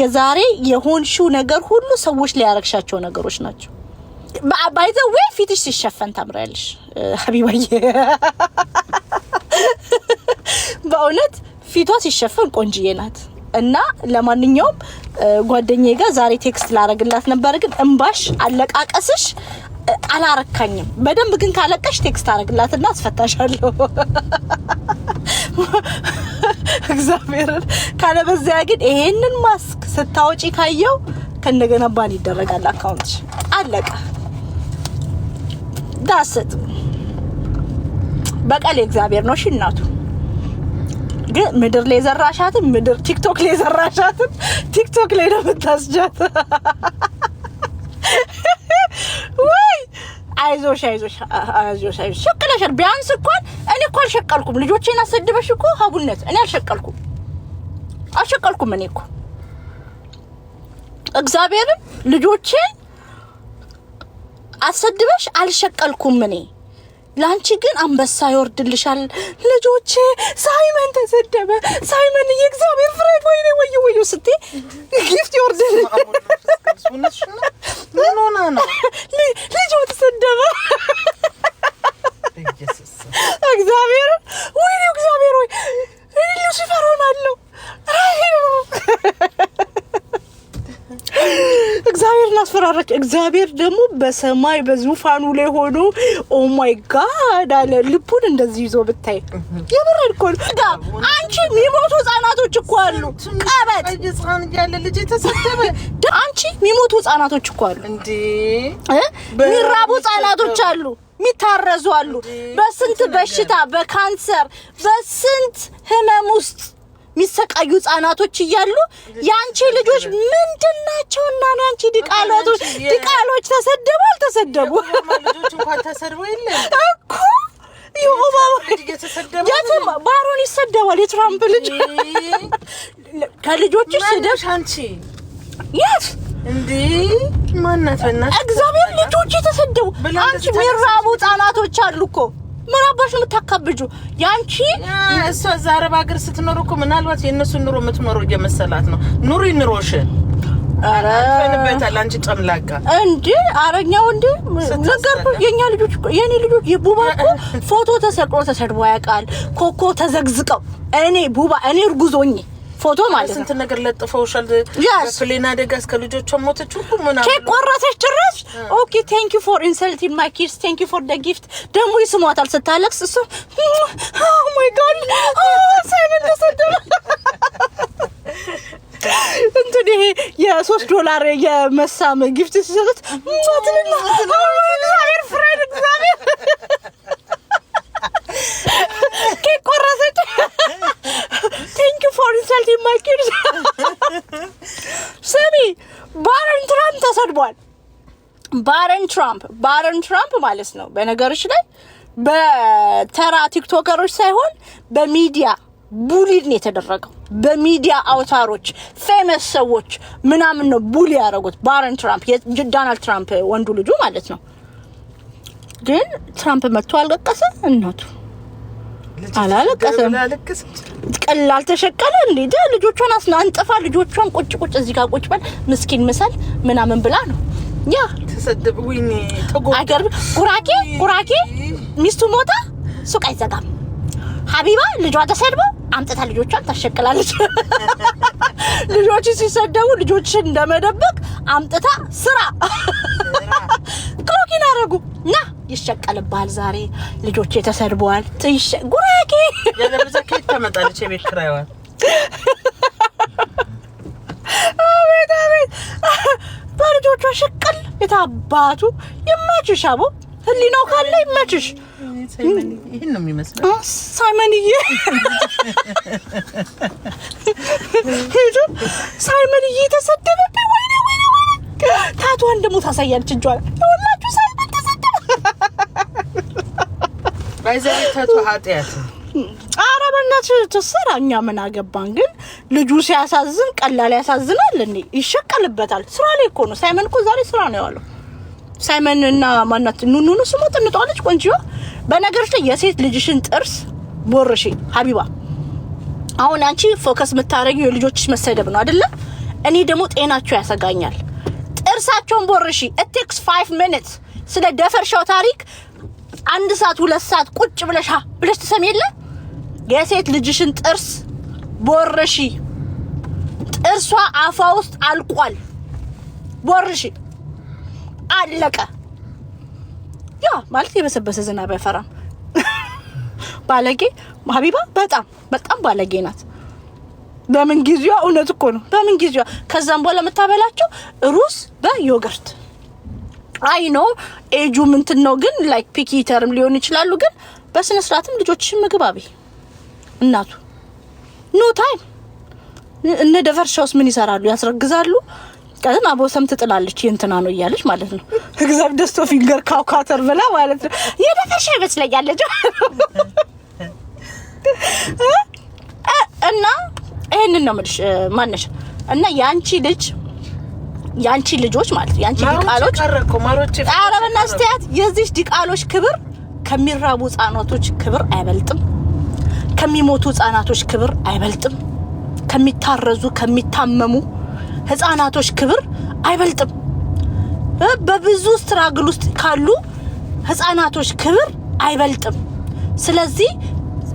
የዛሬ የሆንሽው ነገር ሁሉ ሰዎች ሊያረግሻቸው ነገሮች ናቸው። ባይዘ ወይ ፊትሽ ሲሸፈን ታምራለሽ ሀቢባዬ፣ በእውነት ፊቷ ሲሸፈን ቆንጅዬ ናት። እና ለማንኛውም ጓደኛዬ ጋር ዛሬ ቴክስት ላረግላት ነበር፣ ግን እምባሽ አለቃቀስሽ አላረካኝም። በደንብ ግን ካለቀሽ ቴክስት እና አስፈታሻለሁ። እግዚአብሔርን ካለበዚያ ግን ይሄንን ማስክ ስታወጪ ካየው ከእንደገና ባን ይደረጋል አካውንት አለቀ። ዳሰት በቀል የእግዚአብሔር ነው። ሽናቱ ግን ምድር ላይ ዘራሻትም ምድር ቲክቶክ ላይ ዘራሻትም ቲክቶክ ላይ ነው የምታስጃት። ወይ አይዞሽ አይዞሽ አይዞሽ አይዞሽ ሸቅለሻል። ቢያንስ እንኳን እኔ እኮ አልሸቀልኩም። ልጆቼን አሰድበሽ እኮ ሀቡነት እኔ አልሸቀልኩም አልሸቀልኩም እኔ እኮ እግዚአብሔርን ልጆቼ አሰድበሽ አልሸቀልኩም እኔ ለአንቺ ግን አንበሳ ይወርድልሻል። ልጆቼ ሳይመን ተሰደበ፣ ሳይመን የእግዚአብሔር ፍሬድ ወይ ወይ ወይ ስቴ ጊፍት ይወርድልሽ እግዚአብሔርን አስፈራራች። እግዚአብሔር ደግሞ በሰማይ በዙፋኑ ላይ ሆኖ ኦ ማይ ጋድ አለ። ልቡን እንደዚህ ይዞ ብታይ የበረድ እኮ አንቺ የሚሞቱ ህጻናቶች እኮ አሉ። ቀበጥ ልጅ የተሰደበ አንቺ የሚሞቱ ህጻናቶች እኮ አሉ። የሚራቡ ህጻናቶች አሉ። የሚታረዙ አሉ። በስንት በሽታ በካንሰር በስንት ህመም ውስጥ የሚሰቃዩ ህጻናቶች እያሉ የአንቺ ልጆች ምንድን ናቸው? አንቺ ድቃሎቱ ድቃሎች ተሰደቡ አልተሰደቡ እኮ ባሮን ይሰደባል። የትራምፕ ልጅ ስደብ አንቺ የት እንዴ ማናት? እግዚአብሔር ልጆች የተሰደቡ አንቺ የሚራቡ ህጻናቶች አሉ እኮ ምን አባሽ የምታካብጁ? ያንቺ እሷ እዛ አረብ ሀገር ስትኖር እኮ ምናልባት የእነሱን ኑሮ የምትኖረው እየመሰላት ነው። ኑሪ ኑሮሽን አረንበታል አንቺ ጨምላቃ እንዴ! አረኛው እንዴ ነገርኩህ። የኛ ልጆች የኔ ልጆች የቡባ እኮ ፎቶ ተሰቅሎ ተሰድቦ ያውቃል። ኮኮ ተዘግዝቀው እኔ ቡባ እኔ እርጉዞኝ ፎቶ ማለት ነው። ስንት ነገር ለጥፈውሻል። ፕሌን አደጋ እስከ ልጆቿ ሞተች ሁሉ ምናምን ኬክ ቆረሰች ጭራሽ። ኦኬ ቴንክ ዩ ፎር ኢንሰልቲንግ ማይ ኪድስ ቴንክ ዩ ፎር ደ ጊፍት ደግሞ ይስሟታል ስታለቅስ። እሱ ኦ ማይ ጋድ ሳይመን ተሰደበ እንትን ይሄ የሶስት ዶላር የመሳም ግፍት ሲሰጡት ሞትልና እግዚአብሔር ፍሬድ እግዚአብሔር ኬክ ቆረሰች። ቴንኪ ፎር ኢንሰልት የማይኪድ ስሚ፣ ባረን ትራምፕ ተሰድቧል። ባረን ትራምፕ ባረን ትራምፕ ማለት ነው። በነገሮች ላይ በተራ ቲክቶከሮች ሳይሆን በሚዲያ ቡሊድ ነው የተደረገው። በሚዲያ አውታሮች ፌመስ ሰዎች ምናምን ነው ቡሊ ያደረጉት። ባረን ትራምፕ ዶናልድ ትራምፕ ወንዱ ልጁ ማለት ነው። ግን ትራምፕ መጥቶ አልቀቀሰ እናቱ አላለቀሰም። ቀላል ተሸቀለ እንዴ ልጆቿን አስና አንጥፋ ልጆቿን ቁጭ ቁጭ እዚህ ጋር ቁጭ በል ምስኪን ምሰል ምናምን ብላ ነው ያ ተሰደብ ጉራጌ ጉራጌ ሚስቱ ሞታ ሱቅ አይዘጋም። ሀቢባ ልጇ ተሰድቦ አምጥታ ልጆቿን ታሸቅላለች። ልጆች ሲሰደቡ ልጆችን እንደመደበቅ አምጥታ ስራ ክሮኪን አረጉ ና ይሸቀልባል። ዛሬ ልጆቼ ተሰድበዋል። ጉራጌ ከየት ተመጣለች የቤት ኪራይዋን? አቤት አቤት በልጆቿ ሸቀል የታባቱ የማችሻቦ ህሊናው ካለ ይመችሽ። ይህን ነው የሚመስለው ሳይመንዬ። ሳይመንዬ ተሰደበብኝ። ወይኔ ወይኔ ወይኔ! ታቷን ደግሞ ታሳያለች እጇ ሁላችሁ። ሳይመን ተሰደበ። ባይዘቤታቱ ኃጢአት ኧረ በእናትሽ ትሰራ። እኛ ምን አገባን? ግን ልጁ ሲያሳዝን ቀላል ያሳዝናል። እኔ ይሸቀልበታል። ስራ ላይ እኮ ነው ሳይመን እኮ ዛሬ ስራ ነው የዋለው ሳይመን እና ማናት ኑኑኑ ስሟ ጥንጧለች፣ ቆንጆ። በነገሮች ላይ የሴት ልጅሽን ጥርስ ቦርሽ ሀቢባ። አሁን አንቺ ፎከስ የምታደርጊው የልጆችሽ መሰደብ ነው አይደለ? እኔ ደግሞ ጤናቸው ያሰጋኛል። ጥርሳቸውን ቦርሺ። ኢት ቴክስ ፋይቭ ሚኒትስ። ስለ ደፈርሻው ታሪክ አንድ ሰዓት ሁለት ሰዓት ቁጭ ብለሻ ብለሽ ትሰሚ የለ የሴት ልጅሽን ጥርስ ቦርሺ። ጥርሷ አፏ ውስጥ አልቋል። ቦርሺ አለቀ። ያ ማለት የበሰበሰ ዝናብ አይፈራም። ባለጌ ሀቢባ በጣም በጣም ባለጌ ናት። በምን ጊዜዋ እውነት እኮ ነው። በምን ጊዜዋ ከዛም በኋላ የምታበላቸው ሩዝ በዮገርት አይ ነው ኤጁ ምንትን ነው ግን ላይክ ፒኪ ተርም ሊሆን ይችላሉ። ግን በስነ ስርዓትም ልጆችሽን ምግብ እናቱ ኖ ታይም እነ ደፈርሻውስ ምን ይሰራሉ? ያስረግዛሉ አቦ ሰም ትጥላለች የእንትና ነው እያለች ማለት ነው። ህግዛብ ደስቶ ፊንገር ካውካተር ብላ ማለት ነው። የደፈሻ ይመስለኛል ልጅ እና ይሄንን ነው የምልሽ ማነሽ እና የአንቺ ልጅ የአንቺ ልጆች ማለት የአንቺ ዲቃሎች አረበና አስተያየት የዚህ ዲቃሎች ክብር ከሚራቡ ህጻናቶች ክብር አይበልጥም። ከሚሞቱ ህጻናቶች ክብር አይበልጥም። ከሚታረዙ ከሚታመሙ ህፃናቶች ክብር አይበልጥም። በብዙ ስትራግል ውስጥ ካሉ ህፃናቶች ክብር አይበልጥም። ስለዚህ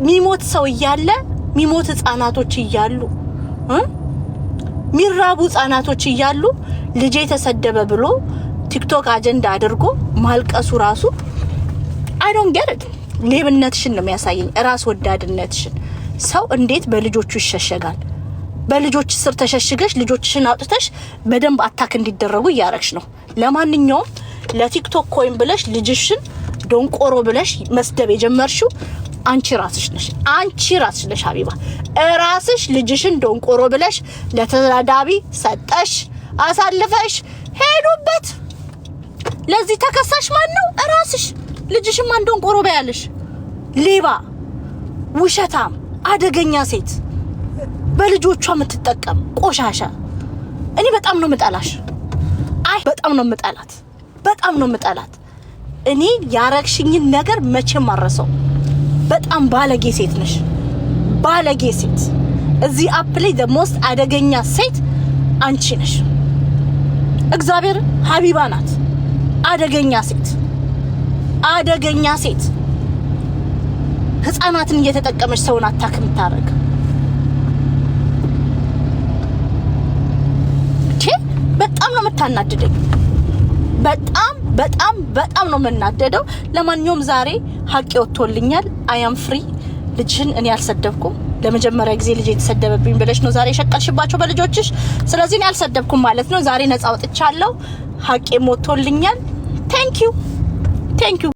ሚሞት ሰው እያለ ሚሞት ህፃናቶች እያሉ ሚራቡ ህፃናቶች እያሉ ልጄ ተሰደበ ብሎ ቲክቶክ አጀንዳ አድርጎ ማልቀሱ ራሱ አይዶን ጌርድ ሌብነትሽን ነው የሚያሳየኝ፣ ራስ ወዳድነትሽን። ሰው እንዴት በልጆቹ ይሸሸጋል? በልጆች ስር ተሸሽገሽ ልጆችሽን አውጥተሽ በደንብ አታክ እንዲደረጉ እያረግሽ ነው። ለማንኛውም ለቲክቶክ ኮይን ብለሽ ልጅሽን ዶንቆሮ ብለሽ መስደብ የጀመርሽው አንቺ ራስሽ ነሽ። አንቺ ራስሽ ነሽ ሀቢባ፣ ራስሽ ልጅሽን ዶንቆሮ ብለሽ ለተዳዳቢ ሰጠሽ፣ አሳልፈሽ ሄዱበት። ለዚህ ተከሳሽ ማን ነው? ራስሽ። ልጅሽን ማን ዶንቆሮ በያለሽ? ሌባ፣ ውሸታም፣ አደገኛ ሴት በልጆቿ የምትጠቀም ቆሻሻ። እኔ በጣም ነው ምጠላሽ። አይ በጣም ነው ምጠላት፣ በጣም ነው ምጠላት። እኔ ያረግሽኝን ነገር መቼም አረሰው። በጣም ባለጌ ሴት ነሽ፣ ባለጌ ሴት። እዚህ አፕ ላይ ደሞስት አደገኛ ሴት አንቺ ነሽ። እግዚአብሔር ሀቢባ ናት። አደገኛ ሴት፣ አደገኛ ሴት። ህፃናትን እየተጠቀመች ሰውን አታክ የምታደርግ አታናድደኝ። በጣም በጣም በጣም ነው የምናደደው። ለማንኛውም ዛሬ ሀቄ ወጥቶልኛል። አያም ፍሪ። ልጅን እኔ አልሰደብኩም። ለመጀመሪያ ጊዜ ልጅ የተሰደበብኝ ብለሽ ነው ዛሬ የሸቀልሽባቸው በልጆችሽ። ስለዚህ እኔ አልሰደብኩም ማለት ነው። ዛሬ ነጻ ወጥቻለሁ። ሀቄ ሞቶልኛል። ቴንኪዩ ቴንኪዩ።